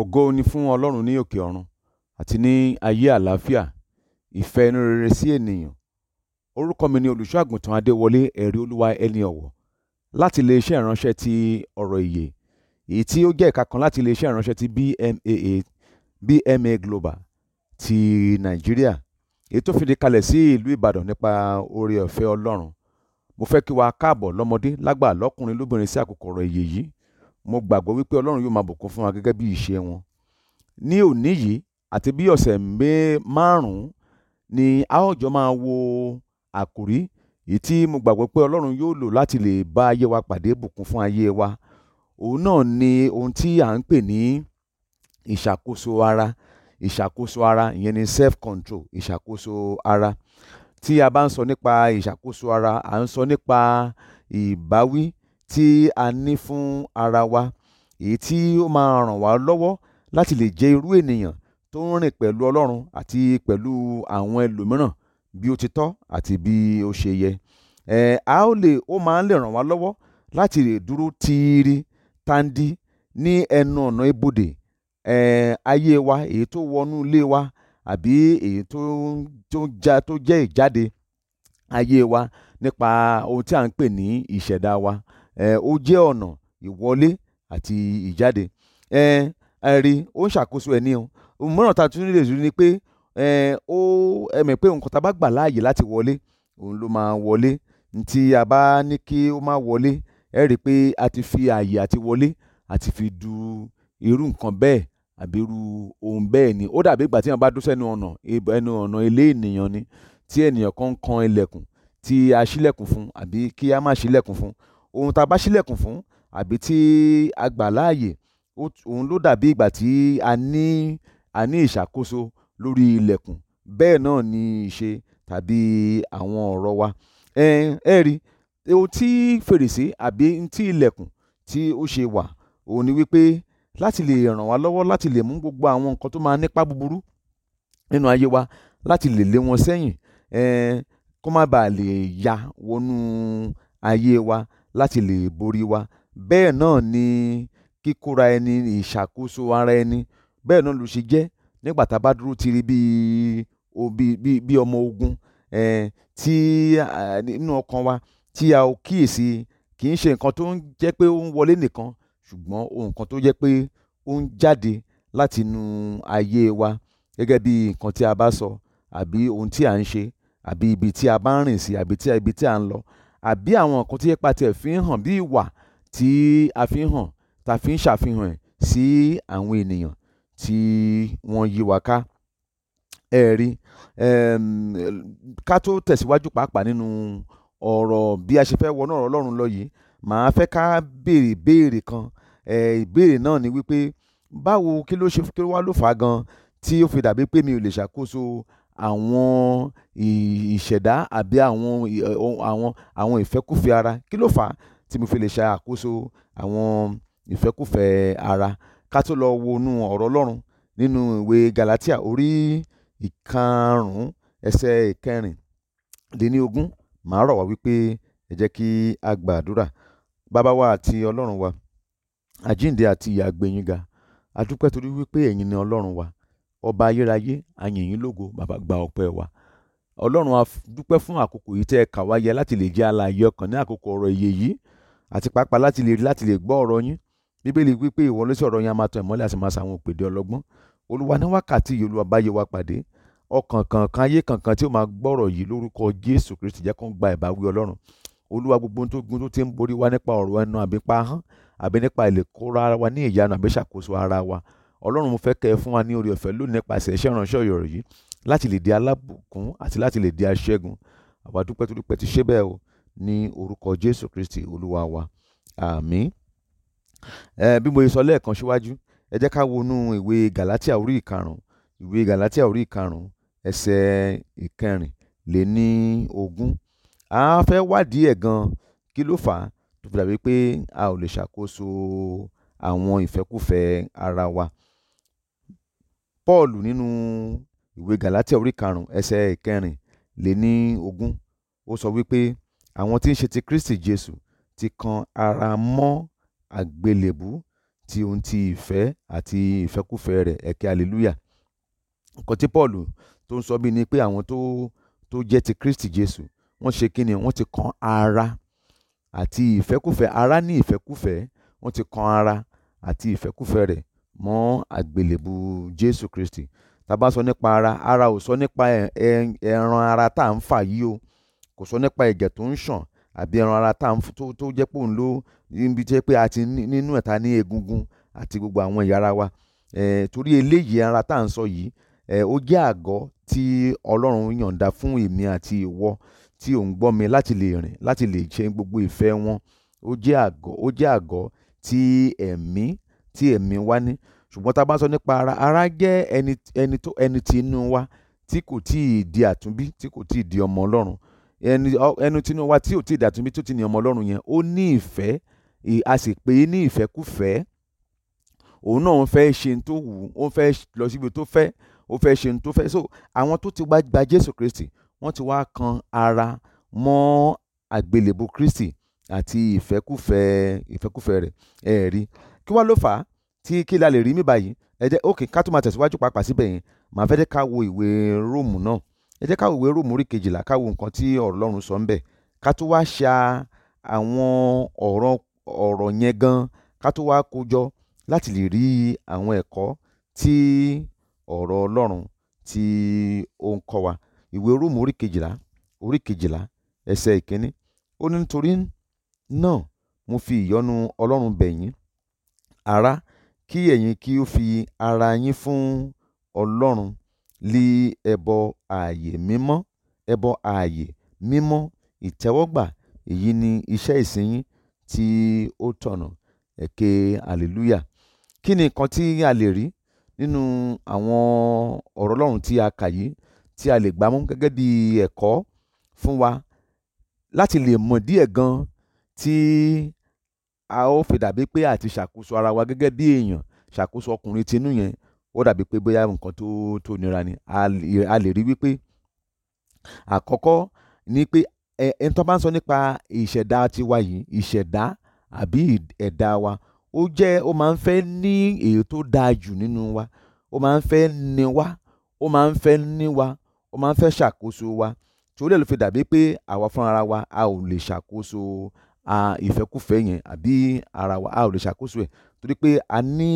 ògo ni fún ọlọ́run ní òkè ọ̀run àti ní ayé àlàáfíà ìfẹ́ inú rere sí ènìyàn orúkọ mi ni olùṣọ́ àgùntàn adéwọlé ẹ̀rí olúwa ẹni ọ̀wọ̀ láti iléeṣẹ́ ìránṣẹ́ ti ọ̀rọ̀ ìyè èyí tí ó jẹ́ ẹ̀ka kan láti iléeṣẹ́ ìránṣẹ́ ti BMAA BMA Global ti nàìjíríà èyí tó fìdí kalẹ̀ sí ìlú ìbàdàn nípa oore ọ̀fẹ́ ọlọ́run mo fẹ́ kí wa káàbọ̀ lọ́mọdé lágbà lọ́kùnrin lóbìnrin sí àkókò ọ̀rọ̀ ìyè yìí mo gbàgbọ́ wípé ọlọ́run yóò máa bùkún fún wa gẹ́gẹ́ bí ìṣe wọn ní òní yìí àti bí ọ̀sẹ̀ márùn-ún ni a ó jọ máa wo àkòrí èyí tí mo gbàgbọ́ pé ọlọ́run yóò lò láti lè bá ayé wa pàdé bùkún fún ayé wa òun náà ni ohun tí à ń pè ní ìṣàkóso ara ìṣàkóso ara ìyẹn ni self control ìṣàkóso ara tí a bá ń sọ nípa ìṣàkóso ara à ń sọ nípa ìbáwí tí a ní fún ara wa èyí tí ó máa ràn wá lọ́wọ́ láti lè jẹ́ irú ènìyàn tó ń rìn pẹ̀lú Ọlọ́run àti pẹ̀lú àwọn ẹlòmíràn bí ó ti tọ́ àti bí ó ṣe yẹ. Eh, a ó lè ó máa ń lè ràn wá lọ́wọ́ láti lè dúró tiiri tandi ní ẹnu ọ̀nà ibodè eh, ayé wa èyí tó wọnú ilé wa àbí èyí tó tó tó jẹ́ ìjáde ayé wa nípa ohun tí à ń pè ní ìṣẹ̀dá wa ó jẹ́ ọ̀nà ìwọlé àti ìjáde ẹ̀rí ó ń ṣàkóso ẹ̀ ní o mìíràn tá a tún lè rí ni pé ó ẹ̀mẹ̀ pé nǹkan tá a bá gbà láàyè láti wọlé òun ló máa wọlé tí a bá ní kí ó má wọlé ẹ rí i pé a ti fi ààyè àti wọlé àti fi du irú nǹkan bẹ́ẹ̀ àbí irú ohun bẹ́ẹ̀ ni ó dàbí ìgbà tí wọ́n bá dún sẹ́nu ọ̀nà ẹnu ọ̀nà ilé ènìyàn ni tí ènìyàn kan ń kan ilẹ̀kùn tí a ṣílẹ̀kùn fún àbí kí a má ṣílẹ̀kùn fún ohun tá a bá ṣílẹ̀kùn fún àbí tí a gbà láàyè òun ló dàbí ìgbà tí a ní ìṣàkóso lórí ilẹ̀kùn bẹ́ẹ̀ náà ni ìṣe tàbí àwọn ọ̀rọ̀ wa ẹ ẹ rí ohun tí fèrèsé àbí tí ilẹ̀kùn tí ó ṣe wà òun ni wípé láti lè ràn wá lọ́wọ́ láti lè mú gbogbo àwọn nǹkan tó máa nípa búburú nínú ayé wa láti lè lé wọn sẹ́yìn kó má bàa lè ya wọnú ayé wa láti lè borí wa bẹ́ẹ̀ náà ni kíkóra ẹni ìṣàkóso ara ẹni bẹ́ẹ̀ náà ló ṣe jẹ́ nígbà tá a bá dúró tiri bíi bíi ọmọ ogun tí nínú ọkàn wa tí a ò kíyèsí kì í ṣe nǹkan tó ń jẹ́ pé ó ń wọlé nìkan ṣùgbọ́n ohun tó jẹ́ pé ó ń jáde láti inú ayé wa gẹ́gẹ́ bí nǹkan tí a bá sọ àbí ohun tí a ń ṣe àbí ibi tí a bá ń rìn sí àbí ibi tí a ń lọ àbí àwọn nǹkan tí ipa tiẹ̀ fi ń hàn bí ìwà tí a fi ń hàn tá a fi ń ṣàfihàn ẹ̀ sí àwọn ènìyàn tí wọ́n yí wa ká ẹ rí ká tó tẹ̀síwájú pàápàá nínú ọ̀rọ̀ bí a ṣe fẹ́ wọnú ọ̀rọ̀ Ọlọ́run lọ yìí màá fẹ́ ká béèrè ìbéèrè kan ìbéèrè náà ni wípé báwo kí ló ṣe kí ló wá ló fà á gan tí ó fi dàbí pé mi ò lè ṣàkóso àwọn ìṣẹ̀dá àbí àwọn àwọn àwọn ìfẹ́kùfẹ́ ara kí ló fà á tí mo fi lè ṣe àwọn ìfẹ́kùfẹ́ ara ká tó lọ wọnú ọ̀rọ̀ ọlọ́run nínú ìwé Galatia orí ìkarùn-ún ẹsẹ̀ ìkẹrìndínlógún màá rọ̀ wá wípé ẹ jẹ́ kí a gbàdúrà bàbá wa àti ọlọ́run wa àjíǹde àti ìyàgbé yín ga a dúpẹ́ torí wípé ẹ̀yin ni ọlọ́run wa ọba ayérayé a yìn yín lógo bàbá gba ọpẹ́ wa ọlọ́run a dúpẹ́ fún àkókò yìí tẹ́ ẹ kà wá yẹ láti lè jẹ́ alààyè ọkàn ní àkókò ọ̀rọ̀ ìyè yìí àti pàápàá láti lè rí láti lè gbọ́ ọ̀rọ̀ yín bíbélì wípé ìwọ ló sì ọ̀rọ̀ yín a máa tàn ìmọ́lẹ̀ àti máa ṣàwọn òpèdè ọlọ́gbọ́n olúwa ní wákàtí yìí olúwa bá yẹ wá pàdé ọkàn kankan ayé kankan tí ó máa gbọ́rọ̀ yìí lórúkọ jésù kristi jẹ́ kó ń gba ìbáwí ọlọ́run olúwa gbogbo tó gun tó ti ń borí wa nípa ọ̀rọ̀ ẹnu àbí pa hán àbí nípa ìlẹ̀kọ́ra wa ní ìyanu àbí ṣàkóso ara wa ọlọ́run mo fẹ́ kẹ́ ẹ fún wa ní oore ọ̀fẹ́ lónìí nípasẹ̀ iṣẹ́ ìránṣẹ́ ọ̀yọ̀rọ̀ yìí láti lè di alábùkún àti láti lè di aṣẹ́gun àwa dúpẹ́ tó dúpẹ́ ti ṣe bẹ́ẹ̀ o ní orúkọ jésù kristi olúwa wa àmín bí mo sọ lẹ́ẹ̀kan síwájú ẹ jẹ́ ká wọnú ìwé galatia orí ìkarùn ìwé galatia orí ìkarùn ẹsẹ̀ ìkẹrin lé ní ogún a fẹ́ wádìí ẹ̀ gan kí ló fà á tó fi dàbí pé a ò lè ṣàkóso àwọn ìfẹ́kùfẹ́ ara wa paul nínú ìwé galatia orí karùn-ún ẹsẹ̀ ìkẹrìnléní-ogún ó sọ wípé àwọn tí ń ṣe ti kristi jésù ti kan ara mọ́ àgbélébú ti ohun ti ìfẹ́ àti ìfẹ́kúfẹ̀ẹ́ rẹ̀ ẹ̀kẹ́ hallelujah nǹkan tí paul tó ń sọ bí ni pé àwọn tó tó jẹ́ ti kristi jésù wọ́n ṣe kí ni wọ́n ti kan ara àti ìfẹ́kúfẹ̀ẹ́ ara ní ìfẹ́kúfẹ̀ẹ́ wọ́n ti kan ara àti ìfẹ́kúfẹ̀ẹ́ rẹ̀ mọ́ àgbélébù Jésù Kristi tá a sọ nípa ara ara ò sọ nípa ẹran ara tá à ń fà yìí o kò sọ nípa ẹ̀jẹ̀ tó ń ṣàn àbí ẹran ara tá à ń tó jẹ́ pé òun ló níbi tí pé a ti nínú ẹ̀ta ní egungun àti gbogbo àwọn ẹ̀yà ara wa torí eléyìí ara tá à ń sọ yìí ó jẹ́ àgọ́ tí Ọlọ́run yọ̀ǹda fún èmi àti ìwọ tí ò gbọ́ mi láti lè rìn láti lè ṣe gbogbo ìfẹ́ wọn ó jẹ́ àgọ́ ó jẹ́ àgọ́ tí ẹ̀mí tí ẹ̀mí wa ní ṣùgbọ́n tá a bá sọ nípa ara ara jẹ́ ẹni ẹni tó ẹni tí inú wa tí kò tí ì di àtúnbí tí kò tí ì di ọmọ ọlọ́run ẹni ẹni tí inú wa tí ò tí ì di àtúnbí tó ti ní ọmọ ọlọ́run yẹn ó ní ìfẹ́ a sì pé ní ìfẹ́kúfẹ́ òun náà ń fẹ́ ṣe tó wù ó ń fẹ́ lọ síbi tó fẹ́ ó fẹ́ ṣe tó fẹ́ so àwọn tó ti wá gba Jésù Kristi wọ́n ti wá kan ara mọ́ àgbélébù Kristi àti ìfẹ́kúfẹ́ ìfẹ́kúfẹ́ rẹ̀ ẹ̀ẹ́rí eh, kí wá ló fà á tí kí la lè rí mi báyìí ẹ jẹ́ ok ká tó máa tẹ̀síwájú pàápàá síbẹ̀ yẹn màá fẹ́ jẹ́ ká wo ìwé róòmù náà ẹ jẹ́ ká wo ìwé róòmù orí kejìlá ká wo nǹkan tí ọ̀rọ̀ Ọlọ́run sọ ń bẹ̀ ká tó wá ṣa àwọn ọ̀rọ̀ ọ̀rọ̀ yẹn gan ká tó wá kójọ láti lè rí àwọn ẹ̀kọ́ tí ọ̀rọ̀ Ọlọ́run tí ó ń kọ́ wa ìwé róòmù orí kejìlá orí kejìlá ẹsẹ̀ ìkíní ó ní nítorí náà mo fi ìyọ́nú Ọlọ́run bẹ̀ Ara kí ẹ̀yin kí ó fi ara yín fún ọlọ́run lí ẹbọ ààyè mímọ́ ẹbọ ààyè mímọ́ ìtẹ́wọ́gbà èyí ni iṣẹ́ ìsìn tí ó tọ̀nà ẹ̀kẹ́ hallelujah kí ni nǹkan tí a lè rí nínú àwọn ọ̀rọ̀ ọlọ́run tí a kà yìí tí a lè gbámú gẹ́gẹ́ bí ẹ̀kọ́ fún wa láti lè mọ̀ díẹ̀ gan tí a ó fi dàbí pé àti ṣàkóso ara wa gẹ́gẹ́ bí èèyàn ṣàkóso ọkùnrin tinú yẹn ó dàbí pé bóyá nǹkan tó tó nira ni a lè rí wípé àkọ́kọ́ ni pé ẹni tó bá ń sọ nípa ìṣẹ̀dá tiwa yìí ìṣẹ̀dá àbí ẹ̀dá wa ó jẹ́ ó máa ń fẹ́ ní èyí tó dáa jù nínú wa ó máa ń fẹ́ ní wa ó máa ń fẹ́ ní wa ó máa ń fẹ́ ṣàkóso wa torí ẹ̀ ló fi dàbí pé àwa fúnra wa a ò lè ṣàkóso ìfẹ́kùfẹ́ yẹn àbí ara wa a ò lè ṣàkóso ẹ̀ torí pé a ní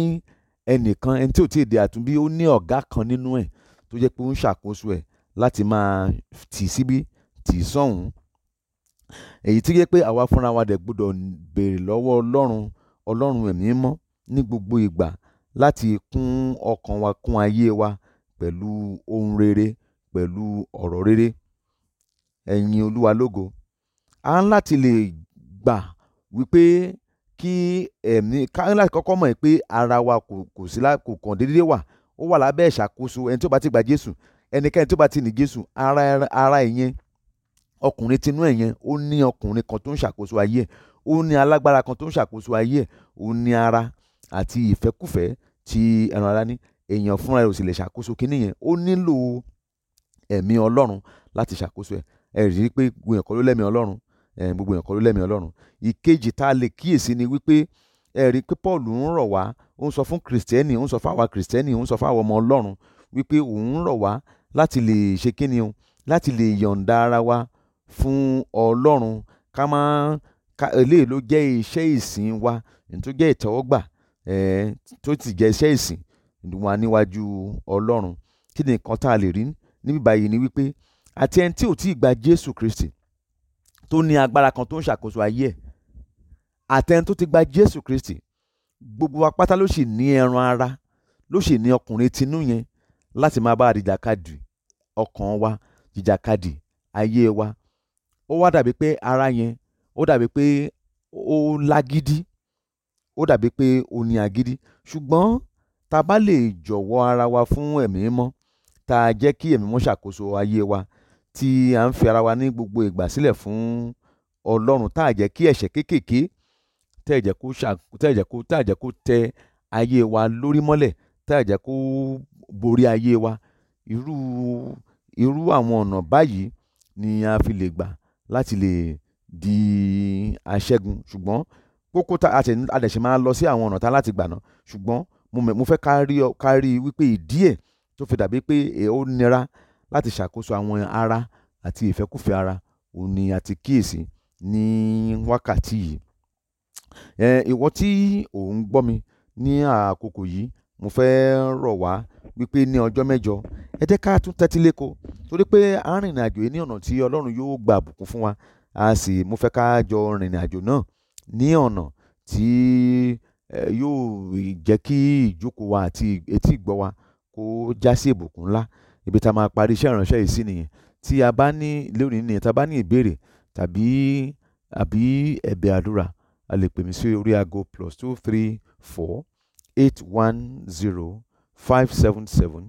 ẹnìkan ẹni tí ò tí ì dé àtúnbí ó ní ọ̀gá kan nínú ẹ̀ tó jẹ́ pé ó ń ṣàkóso ẹ̀ láti máa tì síbí tì sọ́hùn èyí tí yẹ pé àwa fúnra wa dẹ̀ gbọ́dọ̀ béèrè lọ́wọ́ ọlọ́run ọlọ́run ẹ̀mí mọ́ ní gbogbo ìgbà láti kún ọkàn wa kún ayé wa pẹ̀lú ohun rere pẹ̀lú ọ̀rọ̀ rere ẹ̀yin olúwa lógo a ń láti lè gbà wípé kí ẹ̀mí káńlá kọ́kọ́ mọ̀ pé ara wa kò kò sí la kò kàn déédéé wà ó wà lábẹ́ ìṣàkóso ẹni tó bá ti gba Jésù ẹnikẹ́ni tó bá ti ní Jésù ara ara ìyẹn ọkùnrin tinú ẹ̀ yẹn ó ní ọkùnrin kan tó ń ṣàkóso ayé ẹ̀ ó ní alágbára kan tó ń ṣàkóso ayé ẹ̀ ó ní ara àti ìfẹ́kùfẹ́ ti ẹran ara ní èèyàn fúnra rẹ̀ ò sì lè ṣàkóso kinní yẹn ó nílò ẹ̀mí Ọlọ́run láti ṣàkóso ẹ̀ ẹ̀ rí pé gbìyànjú ló lẹ́mìí Ọlọ́run gbogbo èèyàn kọ́ ló lẹ́mìí ọlọ́run ìkejì tá a lè kíyèsí ni wípé ẹ̀rí pé paul ń rọ̀ wá ó ń sọ fún kìrìsìtẹ́nì ó ń sọ fún àwa kìrìsìtẹ́nì ó ń sọ fún àwa ọmọ ọlọ́run wípé òun rọ̀ wá láti lè ṣe kíni o láti lè yọ̀ǹda ara wa fún ọlọ́run ká má ká eléyìí ló jẹ́ iṣẹ́ ìsìn wa tó jẹ́ ìtẹ́wọ́gbà tó ti jẹ́ iṣẹ́ ìsìn wa níwájú ọlọ́run kí ni nǹkan tá a lè rí níbí báyìí ni wípé àti ẹni tí ò tí ì gba jésù kristi tó ní agbára kan tó ń ṣàkóso ayé ẹ̀ àtẹni tó ti gba Jésù Kristi gbogbo wa pátá ló sì ní ẹran ara ló sì ní ọkùnrin tinú yẹn láti máa bá àdìjàkadì ọkàn wa jìjàkadì ayé wa ó wá dàbí pé ara yẹn ó dàbí pé ó lágídí ó dàbí pé ó ní agídí ṣùgbọ́n tá bá lè jọ̀wọ́ ara wa fún ẹ̀mí mọ́ tá jẹ́ kí ẹ̀mí mọ́ ṣàkóso ayé wa tí a ń fi ara wa ní gbogbo ìgbà sílẹ̀ fún ọlọ́run tá a jẹ́ kí ẹ̀ṣẹ̀ kéékèèké tá a jẹ́ kó tá a jẹ́ kó tẹ ayé wa lórí mọ́lẹ̀ tá a jẹ́ kó borí ayé wa irú irú àwọn ọ̀nà báyìí ni a fi lè gbà láti lè di aṣẹ́gun ṣùgbọ́n kókó tá a dẹ̀ ṣe máa lọ sí àwọn ọ̀nà tá láti gbà náà ṣùgbọ́n mo fẹ́ kárí wípé ìdí ẹ̀ tó fi dàbí pé e, ó nira láti ṣàkóso àwọn ara àti ìfẹ́kùfẹ́ ara òun ni a ti kíyèsí ní wákàtí yìí. um ìwọ tí ò gbọ́ mi ní àkókò yìí mo fẹ́ rọ̀ wá wípé ní ọjọ́ mẹ́jọ ẹ jẹ́ ká tún tẹ́tí léko torí pé a ń rìnrìn àjò yìí ní ọ̀nà tí ọlọ́run yóò gba àbùkún fún wa a sì mo fẹ́ ká jọ rìnrìn àjò náà ní ọ̀nà tí yóò jẹ́ kí ìjókòó wa àti etí ìgbọ́ wa kó já ìbùkún ńlá ibi tá a máa parí iṣẹ́ ìránṣẹ́ yìí sí nìyẹn tí a bá ní lónìí nìyẹn tá a bá ní ìbéèrè tàbí àbí ẹ̀bẹ̀ àdúrà a lè pè mí sí orí aago plus two three four eight one zero five seven seven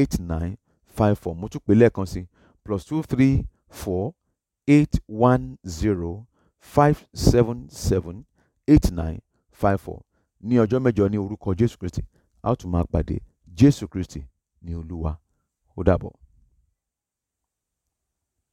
eight nine five four mo tún pè lẹ́ẹ̀kan sí plus two three four eight one zero five seven seven eight nine five four ní ọjọ́ mẹ́jọ ní orúkọ Jésù Kristi a ó tún máa pàdé Jésù Kristi ní Olúwa. or double.